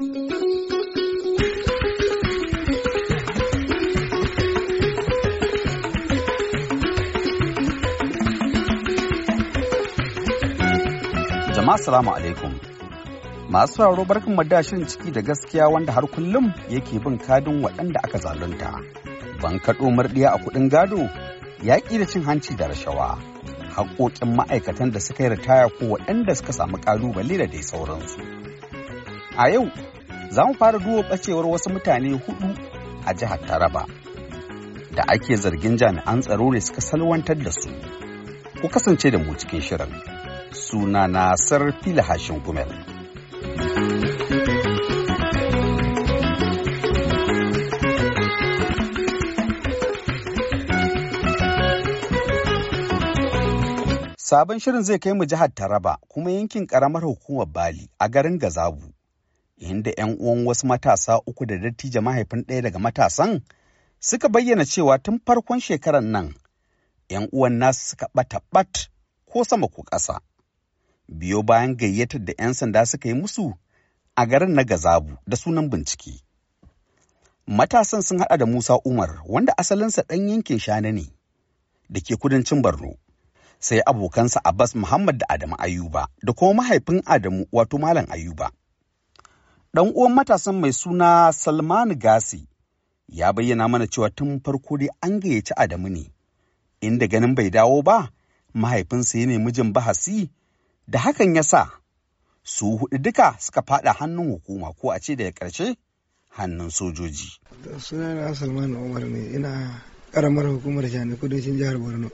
Jama'a salamu alaikum. Masu sauraro barkan da shirin ciki da gaskiya wanda har kullum yake bin kadin waɗanda aka zalunta. Ban kaɗo murɗiya a kuɗin gado, yaƙi da cin hanci da rashawa, haƙoƙin ma'aikatan da suka yi ritaya ko waɗanda suka samu ƙalubale da dai sauransu. A yau za mu fara duba ɓacewar wasu mutane hudu a jihar Taraba da ake zargin jami'an tsaro ne suka salwantar da su. Ku kasance da mu cikin shirin. Suna na Sarfila Hashin Gumel. Sabon shirin zai kai mu jihar Taraba kuma yankin ƙaramar hukumar Bali a garin Gazabu. inda 'yan uwan wasu matasa uku da dattija mahaifin ɗaya daga matasan suka bayyana cewa tun farkon shekarar nan 'yan uwan nasu suka ɓata ɓat ko sama ko ƙasa. Biyo bayan gayyatar da 'yan sanda suka yi musu a garin na Gazabu da sunan bincike. Matasan sun haɗa da Musa Umar wanda asalinsa ɗan yankin Shana ne da ke kudancin Borno. Sai abokansa Abbas Muhammad da Adamu Ayuba da kuma mahaifin Adamu wato Malam Ayuba. Ɗan uwan matasan mai suna Salman Gasi ya bayyana mana cewa tun farko dai an gayyaci Adamu ne, inda ganin bai dawo ba, mahaifinsa ya nemi jin bahasi da hakan ya sa su hudu duka suka fada hannun hukuma ko a ce daga ƙarshe hannun sojoji. Sunana hukumar Shani kudancin jihar Borno.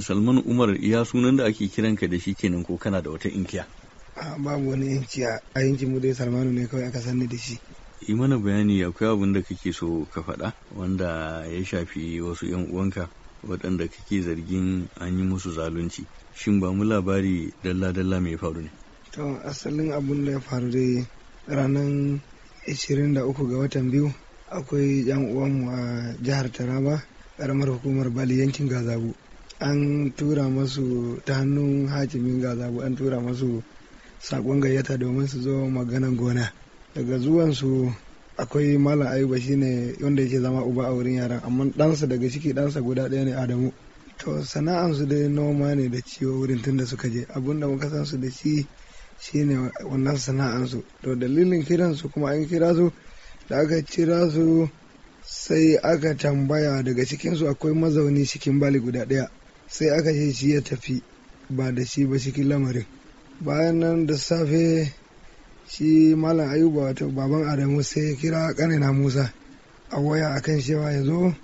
Salman Umar ya sunan da ake kiranka da shi kenan ko kana da wata inkiya. babu wani yanki a yankin mu dai salmanu ne kawai aka sanni da shi yi mana bayani akwai abin da kake so ka faɗa wanda ya shafi wasu yan uwanka waɗanda kake zargin an yi musu zalunci shin ba mu labari dalla-dalla mai faru ne to asalin abin da ya faru dai ranar 23 ga watan biyu akwai yan uwan a jihar taraba karamar hukumar bali yankin gazabu an tura masu ta hannun hakimin gazabu an tura masu sakon gayyata domin su zo maganan gona daga zuwansu akwai malam ayuba shine wanda yake zama uba a wurin yaran amma ɗansa daga ciki ɗansa guda daya ne adamu to sana'ansu dai noma ne da ciwo wurin tunda suka je abinda muka san su da shi shine wannan sana'ansu to dalilin kiransu kuma an kira su da aka kira su sai aka tambaya daga cikinsu akwai mazauni cikin bali guda ɗaya sai aka ce shi ya tafi ba da shi ba cikin lamarin bayan nan da safe shi malam ayuba wato baban adamu sai ya kira kanina musa a waya akan cewa ya zo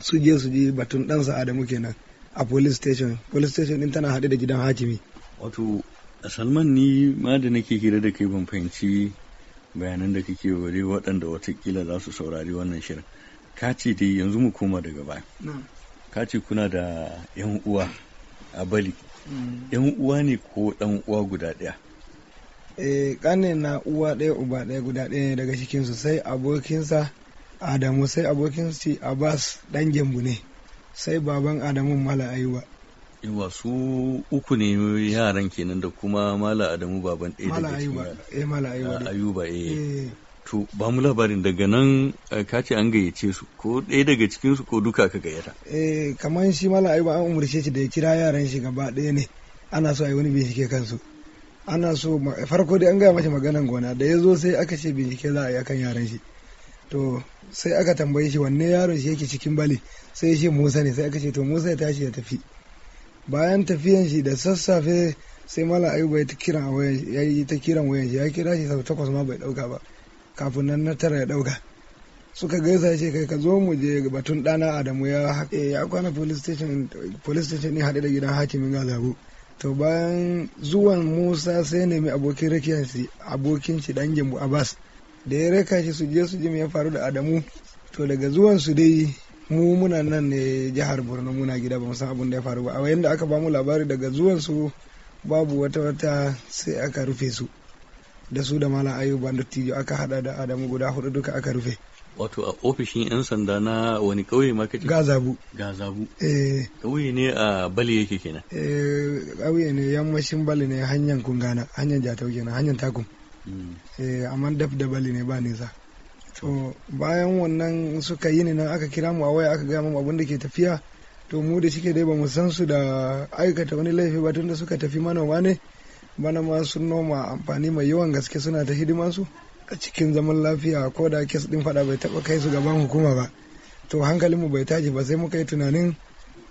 su je su ji batun ɗansa adamu kenan a police station police station din tana haɗe da gidan hakimi wato salman ni ma da nake hira da kai ban fahimci bayanan da kake ware waɗanda watakila za su saurari wannan shirin ka ce dai yanzu mu koma daga baya ka ce kuna da yan uwa a bali yan uwa ne ko dan uwa guda ɗaya e eh, kane na uwa ɗaya uba ɗaya guda ɗaya ne daga cikin su sai abokinsa Adamu sai abokin shi Abbas dan gembu ne sai baban Adamu Mala Ayuba yawa su uku ne yaran kenan da kuma Mala Adamu baban ɗaya daga cikin Mala Ayuba eh Mala Ayuba ah, eh, eh. To, ba mu labarin daga nan eh, ka ce an gayyace su ko ɗaya daga cikin ko duka ka gayyata. Eh, kamar shi mala ayuba an umarce shi da ya kira yaran shi gaba ɗaya ne. Ana so a yi wani bincike kansu. Ana so farko dai an gaya masa maganan gona da ya zo sai aka ce bincike za a yi akan yaran shi. To, sai aka tambaye shi wanne yaron shi yake cikin bali sai shi Musa ne sai aka ce to Musa ya tashi ya tafi. Bayan tafiyan shi da sassafe sai mala ayuba ya yi ta kiran wayan shi ya kira shi sau takwas ma bai ɗauka ba. kafin nan na tara ya ɗauka suka gaisa ce kai ka zo mu je batun ɗana adamu ya ya kwana police station police station ne haɗe da gidan hakimin ga zabu to bayan zuwan musa sai nemi abokin rakiyar shi abokin shi dan gembu abbas da ya raka shi su je su ji me ya faru da adamu to daga zuwan su dai mu muna nan ne jihar borno muna gida ba san abin da ya faru ba a da aka bamu labari daga zuwan su babu wata wata sai aka rufe su da su da malam ayuba dattijo aka hada da adamu guda hudu duka aka rufe wato a ofishin 'yan sanda na wani ƙauye ma kace gazabu gazabu eh ƙauye ne a bali yake kenan eh ƙauye ne yammacin bali ne hanyar kungana hanyar jatau kenan hanyar takum hmm. eh amma daf da bali ne ba nisa to bayan wannan suka yi ne nan aka kira mu a waya aka gaya mu abin da ke tafiya to mu da shike dai ba mu san su da aikata wani laifi ba tunda suka tafi manoma ne bana ma sun noma amfani mai yawan gaske suna ta su a cikin zaman lafiya ko da kes din fada bai taba kai su gaban hukuma ba to hankalin mu bai tashi ba sai muka yi tunanin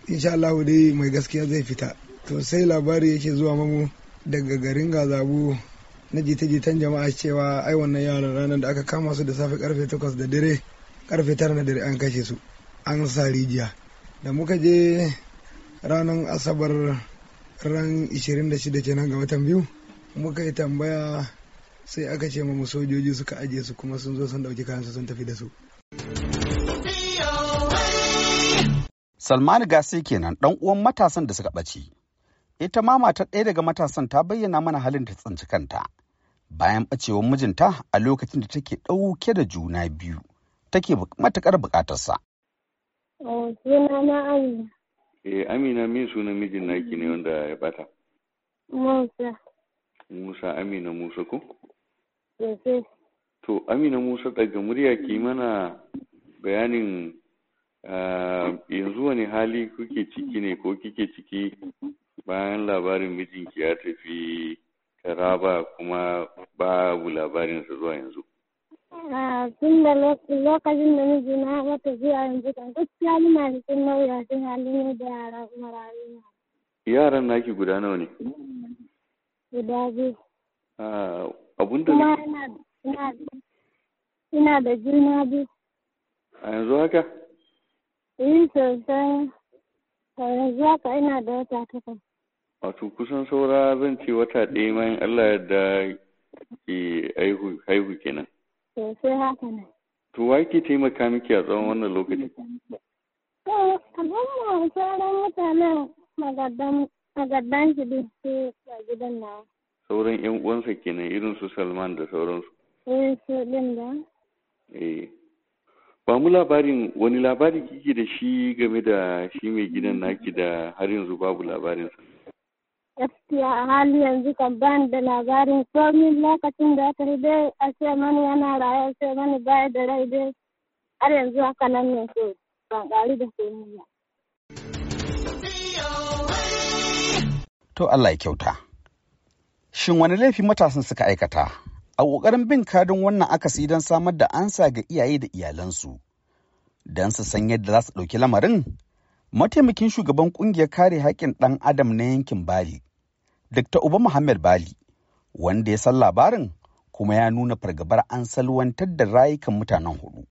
insha Allah dai mai gaskiya zai fita to sai labari yake zuwa mamu daga garin gazabu na jita-jitan jama'a cewa ai wannan yaran ranar da aka kama su da safe karfe 8 da dare karfe 9 na dare an kashe su an sa rijiya da muka je ranar asabar ran 26 kenan ga watan biyu muka yi tambaya sai aka ce mu sojoji suka ajiye su kuma sun zo sun dauki kayansu sun tafi da su Salman Gasi kenan dan uwan matasan da suka ɓace. Ita ma matar ɗaya daga matasan ta bayyana mana halin ta tsinci kanta. Bayan ɓacewar mijinta a lokacin da take ɗauke da juna biyu, take matuƙar buƙatarsa. Oh, Suna na Amina. Eh, Amina min sunan mijin naki ne wanda ya bata? Musa. Musa Amina Musa ko? To Amina Musa daga murya ki mana bayanin ah, yanzu wani hali kuke ciki ne ko kike ciki bayan labarin mijinki ya tafi taraba kuma babu labarin sa zuwa yanzu. tun da lokacin da miji na ya tafi a yanzu kan gaskiya muna cikin mawuyacin hali ne da yara marayu yaran naki guda nawa ne guda biyu abun da kuma ina da juna biyu a yanzu haka yi eh, sosai a yanzu haka ina da wata takwas wato kusan saura zan ce wata ɗaya ma Allah yadda da ke haihu kenan Sosai haka ne. To wa ke taimaka miki a tsawon wannan lokacin? To, al'umma sauran mutanen magaddan shi duk su a gidan na. Sauran 'yan uwansa kenan irin su Salman da sauransu. Eh, su din da. Eh. Ba mu labarin wani labari kike da shi game da shi mai gidan naki da har yanzu babu labarinsa. Gaskiya a hali yanzu kan bani da labarin komin lokacin da aka rube a ce mani yana raye a ce mani baya da rai dai har yanzu haka nan ne so ban ƙari da komiya. To Allah ya kyauta. Shin wani laifi matasan suka aikata? A ƙoƙarin bin kadin wannan akasi don samar da ansa ga iyaye da iyalansu, don su san yadda za su ɗauki lamarin? Mataimakin shugaban ƙungiyar kare haƙƙin ɗan Adam na yankin Bali, Dr. Uba Muhammad Bali wanda ya san labarin kuma ya nuna fargabar an salwantar da rayukan mutanen hudu.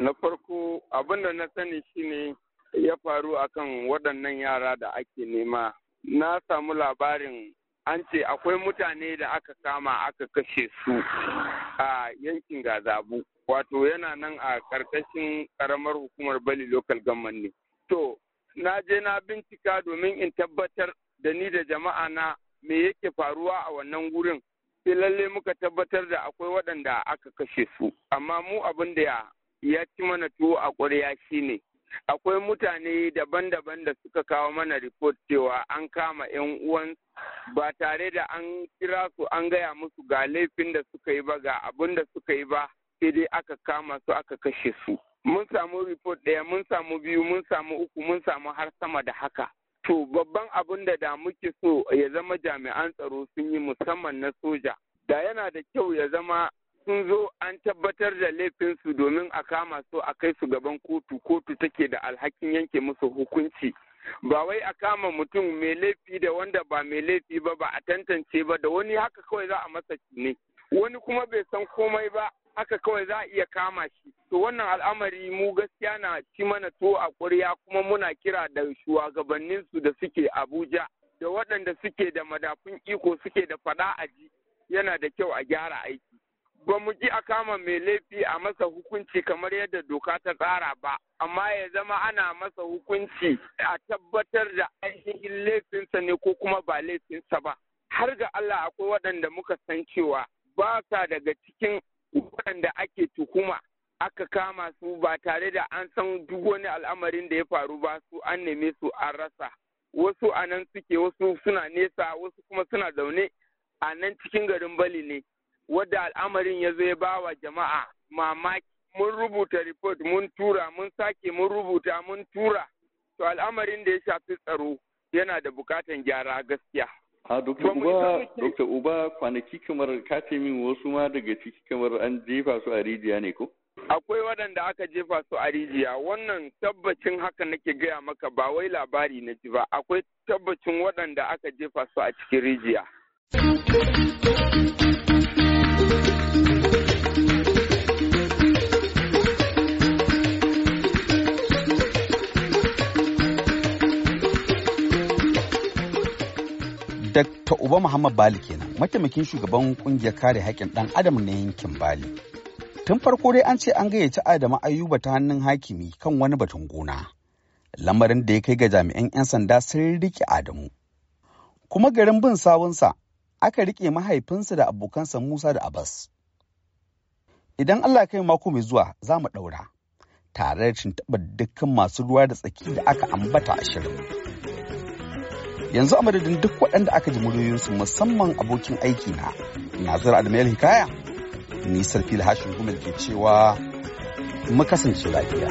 Na farko abin da na sani shine ya faru akan waɗannan yara da ake nema. Na samu labarin an ce akwai mutane da aka kama aka kashe su a yankin gazabu. Wato yana nan a ƙarƙashin ƙaramar hukumar Bali Local Government ne. To, na je na bincika domin in tabbatar da ni da jama'a na me yake faruwa a wannan gurin sai lalle muka tabbatar da akwai waɗanda aka kashe su amma mu abin da ya ci mana tuwo a ƙwarya shine akwai mutane daban-daban da suka kawo mana report cewa an kama 'yan uwan ba tare da an kira su an gaya musu ga laifin da suka yi ba ga abin da suka yi ba sai dai aka kama su aka kashe su mun samu report ɗaya mun samu biyu mun samu uku mun samu har sama da haka To babban abin da da muke so ya zama jami'an tsaro sun yi musamman na soja. Da yana da kyau ya zama sun zo an tabbatar da laifinsu domin a kama su a kai su gaban kotu kotu take da alhakin yanke musu hukunci. Ba wai a kama mutum mai laifi da wanda ba mai laifi ba ba a tantance ba da wani haka kawai za a masa ne. Wani kuma bai san komai ba haka kawai za a iya kama shi to wannan al'amari mu gaskiya na ci mana to a ƙuriya kuma muna kira da shugabannin su da suke abuja da waɗanda suke da madafun iko suke da faɗa a ji yana da kyau a gyara aiki ba mu ji a kama mai laifi a masa hukunci kamar yadda doka ta tsara ba amma ya zama ana masa hukunci a tabbatar da ainihin laifinsa ne ko kuma ba laifinsa ba har ga Allah akwai waɗanda muka san cewa ba sa daga cikin waɗanda ake tuhuma aka kama su ba tare da an san duk wani al'amarin da ya faru ba su an neme su an rasa wasu a nan suke wasu suna nesa wasu kuma suna zaune a nan cikin garin bali ne wadda al'amarin ya zo ya ba wa jama'a mamaki mun rubuta report mun tura mun sake mun rubuta mun tura to al'amarin da ya shafi tsaro yana da bukatan gyara gaskiya A Dokta Uba, Dokta Uba kwanaki kamar ka ce min wasu ma daga ciki kamar an jefa su a rijiya ne ko? Akwai waɗanda aka jefa su a rijiya wannan tabbacin haka nake gaya maka ba wai labari na ji ba akwai tabbacin waɗanda aka jefa su a cikin rijiya. Dr. Uba Muhammad Bali kenan, mataimakin shugaban kungiyar kare haƙƙin ɗan adam na yankin Bali. Tun farko dai an ce an gayyaci Adamu Ayuba ta hannun hakimi kan wani batun gona. Lamarin da ya kai ga jami'an 'yan sanda sun rike Adamu. Kuma garin bin sawunsa aka rike mahaifinsa da abokansa Musa da Abbas. Idan Allah kai mako mai zuwa za mu ɗaura. tare da dukkan masu ruwa da tsaki da aka ambata a shirin. yanzu a madadin duk waɗanda aka ji muryoyinsu musamman abokin aiki na nazar admiral hikaya ni sarfil hashin gumel ke cewa mu kasance lafiya